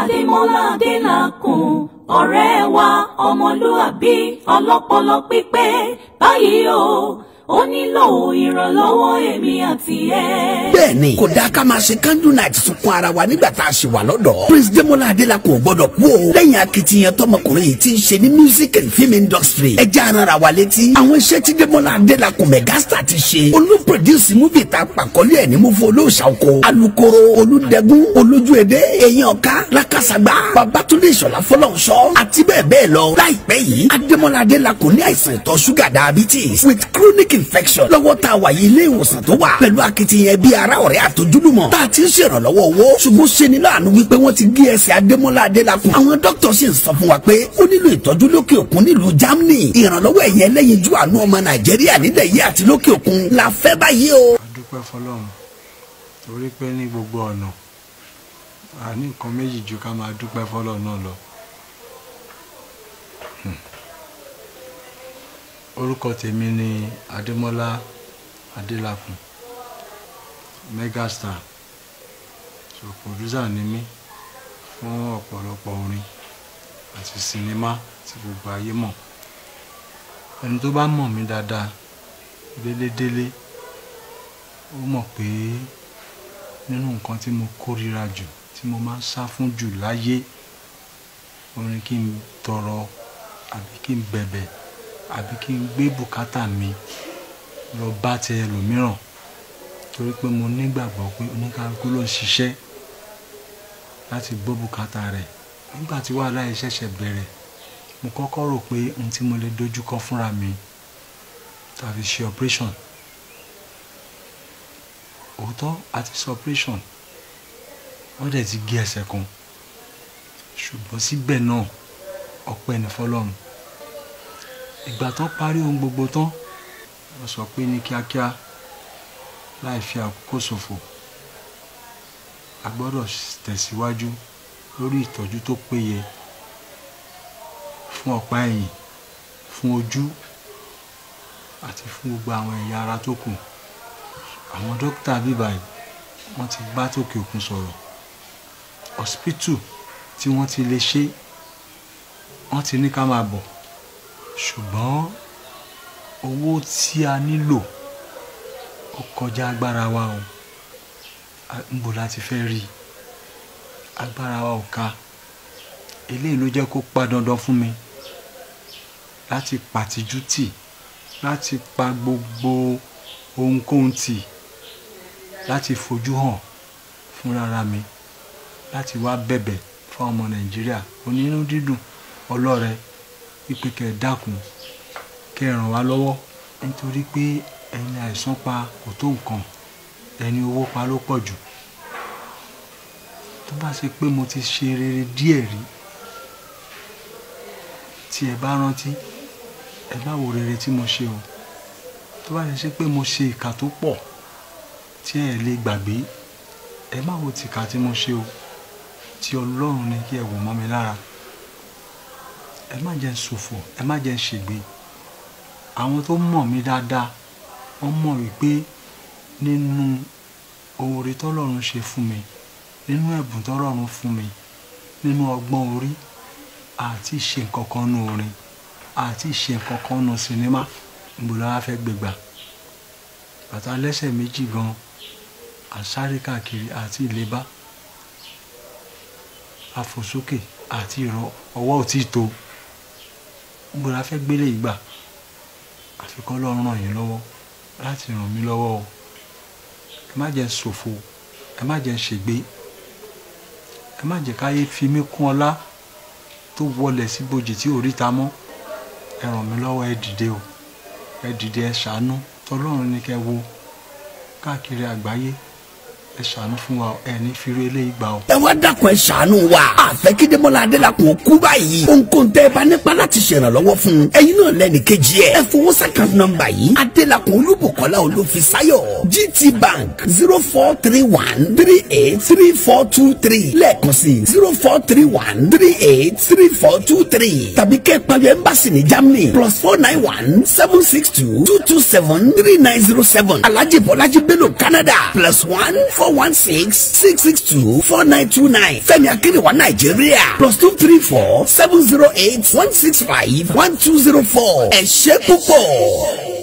Adémọ́lá Adélakùn ọ̀rẹ́ wa ọmọlúàbí ọlọ́pọlọ pípé báyìí o ó nílò ìrànlọ́wọ́ èmi àti ẹ. bẹ́ẹ̀ni kò dáa ká máa ṣe kánjú náà àti sunkún ara wa nígbà tá a ṣe wà lọ́dọ̀. prince demola adelako gbọ́dọ̀ kú o. lẹ́yìn akitiyan tọmọkùnrin yìí ti ń ṣe ní music and film industry. ẹ jẹ́ ara wa létí. àwọn iṣẹ́ tí demola adelako megastar ti ṣe. olùpèdíùsì múfì ta pàkọ́lé ẹ̀ ní múfò olóòṣà oko. alukoro olùdẹ́gun olójúẹ̀dẹ́ èèyàn ọ̀ká lakasagba babatunde ìṣọ̀lá fọlọ́nṣọ́ àti bẹ́ẹ̀ bẹ́ẹ̀ lọ. láìpẹ́ yìí ademola adelako ní àìsàn ìtọ̀ ṣúgà diabetes with chronic infection lọ́wọ́ tá a wà yìí ilé ìwòsàn tó wà pẹ̀lú akitiyan ẹbí ara ọ̀rẹ́ àtojúlùmọ̀ tá a ti ń ṣèrànlọ́wọ́ owó ṣùgbọ́n ṣe ni láàánú wípé wọ́n ti gé ẹsẹ̀ adémọ́lá adélakùn àwọn dókítà sì ń sọ fún wa pé ó nílò ìtọ́jú lókè òkun nílùú germany ìrànlọ́wọ́ ẹ̀yẹ lẹ́yìn ju àánú ọmọ nàìjíríà nílẹ̀ yìí àti lókè òkun la fẹ́ báyìí o. a dúpẹ́ fọlọ́run torí pé ní gbogbo ọ̀nà àní nǹkan méjì orúkọ tèmi ni adémọ́lá adélàkùn megastar so producer ni mí fún ọ̀pọ̀lọpọ̀ orin àti sinimá tí gbogbo ayé mọ̀ ẹni tó bá mọ̀ mí dáadáa délédélé ó mọ̀ pé nínú nǹkan tí mo kórira jù tí mo máa ń sá fún jù láyé orin kí n tọrọ àbí kí n bẹ̀bẹ̀ àbí kí n gbé bùkátà mi lọ bá ti ẹlòmíràn torí pé mo nígbàgbọ́ pé oníkálukú ló ń ṣiṣẹ́ láti gbọ́ bùkátà rẹ̀ nígbà tí wàhálà yìí ṣẹ̀ṣẹ̀ bẹ̀rẹ̀ mo kọ́kọ́ rò pé ohun tí mo lè dojúkọ fúnra mi tàbí ṣe operation òótọ́ àti ṣe operation wọ́n dẹ̀ ti gé ẹsẹ̀ kan ṣùgbọ́n síbẹ̀ náà ọpẹ́ ni fọlọ́run ìgbà tán parí ohun gbogbo tán wọ́n sọ pé ní kíákíá láì fi àkókò ṣòfò a gbọ́dọ̀ tẹ̀síwájú lórí ìtọ́jú tó péye fún ọ̀pá ẹ̀yìn fún ojú àti fún gbogbo àwọn ẹ̀yà ara tó kù àwọn dókítà bíbáyìí wọ́n ti bá tòkè òkun sọ̀rọ̀ hospital tí wọ́n ti lè ṣe wọ́n ti ní ká máa bọ̀ ṣùgbọ́n owó tí a nílò ó kọjá agbára wa o níbo la ti fẹ́ rí i agbára wa ò ká eléyìí ló jẹ́ kó pa dandan fún mi láti pàtijú tì láti pa gbogbo ohunkóhun tì láti fojú hàn fúnra mi láti wá bẹ̀bẹ̀ fún ọmọ nàìjíríà onínú dídùn ọlọ́rẹ pípé kẹ́ ẹ dákun kẹ́ ẹ ràn wá lọ́wọ́ nítorí pé ẹni àìsàn pa kò tó nǹkan ẹni owó pa ló pọ̀ jù tó bá ṣe pé mo ti ṣe rere díẹ̀ rí tí ẹ bá rántí ẹ bá wo rere tí mo ṣe o tó bá ṣe ṣe pé mo ṣe ìkà tó pọ̀ tí ẹ lè gbàgbé ẹ má wo tìkà tí mo ṣe o tí ọlọ́run ní kí ẹ wò mọ́ mi lára ẹ má jẹ́ ń ṣòfò ẹ má jẹ́ ń ṣègbè àwọn tó mọ̀ mí dáadáa wọ́n mọ̀ wípé nínú oore tọ́lọ́run ṣe fún mi nínú ẹ̀bùn tọ́lọ́run fún mi nínú ọgbọ́n orí àti ṣe nǹkan kan nu orin àti ṣe nǹkan kan nu sinimá gbòòrò wa fẹ́ gbégbà bàtà lẹ́sẹ̀ méjì gan àsáré káàkiri àti ìlébá àfòsókè àti ìrọ̀ ọwọ́ ò tí ì tó gbogbo la fẹ́ gbélé ìgbà àfi kọ́ lọ́ọ́ ràn yín lọ́wọ́ láti ràn mí lọ́wọ́ o ẹ má jẹ́ ṣòfò ẹ má jẹ́ ṣègbé ẹ má jẹ́ káyé fi mí kún ọlá tó wọlẹ̀ sí bojì tí ò ríta mọ́ ẹ ràn mí lọ́wọ́ ẹ dìde o ẹ dìde ẹ ṣàánú tọlọ́run ni kẹ́ wo káàkiri àgbáyé ẹ ṣàánú fún wa ẹ ní fírú eléyìí gbà o. ẹ wá dákun ẹ ṣàánú wa àfẹ adélakùn kú báyìí ohunkóhun tẹ ẹ bá nípa láti ṣèrànlọ́wọ́ fún un ẹ̀yin náà lẹni kejì ẹ ẹ fowó sàkàtì nọ́mbà yìí adélakùn olúbùkọ́lá olúfisáyọ̀ gt bank zero four three one three eight three four two three lẹ́ẹ̀kan sí zero four three one three eight three four two three tàbí kẹ́ ẹ pàlú ẹ́mbàsì ní germany plus four nine one seven six two two two seven three nine zero seven alhaji canada plus one four four one six six six two four nine two nine Fẹ́mi Akínrìnwá Nàìjíríà plus two three four seven zero eight one six five one two zero four ẹ ṣé púpọ̀.